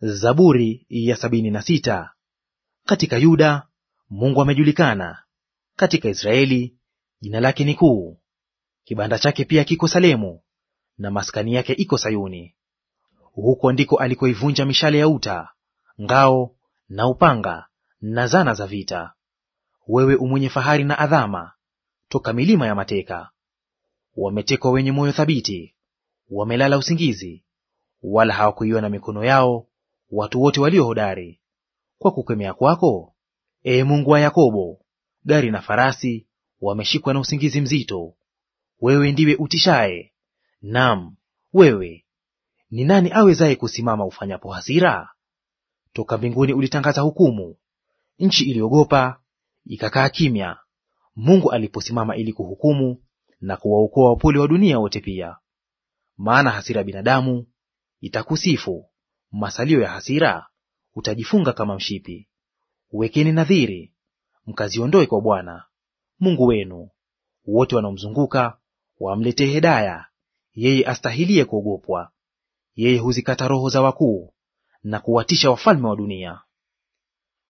Zaburi ya sabini na sita. Katika Yuda Mungu amejulikana, katika Israeli jina lake ni kuu. Kibanda chake pia kiko Salemu, na maskani yake iko Sayuni. Huko ndiko alikoivunja mishale ya uta, ngao na upanga na zana za vita. Wewe umwenye fahari na adhama, toka milima ya mateka. Wametekwa wenye moyo thabiti, wamelala usingizi, wala hawakuiona mikono yao watu wote walio hodari. Kwa kukemea kwako, ee Mungu wa Yakobo, gari na farasi wameshikwa na usingizi mzito. Wewe ndiwe utishaye, nam wewe. Ni nani awezaye kusimama ufanyapo hasira? Toka mbinguni ulitangaza hukumu, nchi iliogopa ikakaa kimya, Mungu aliposimama ili kuhukumu na kuwaokoa wapole wa dunia wote pia. Maana hasira ya binadamu itakusifu, masalio ya hasira utajifunga kama mshipi. wekeni nadhiri, mkaziondoe kwa Bwana Mungu wenu. Wote wanaomzunguka wamletee hedaya, yeye astahilie kuogopwa. Yeye huzikata roho za wakuu na kuwatisha wafalme wa dunia.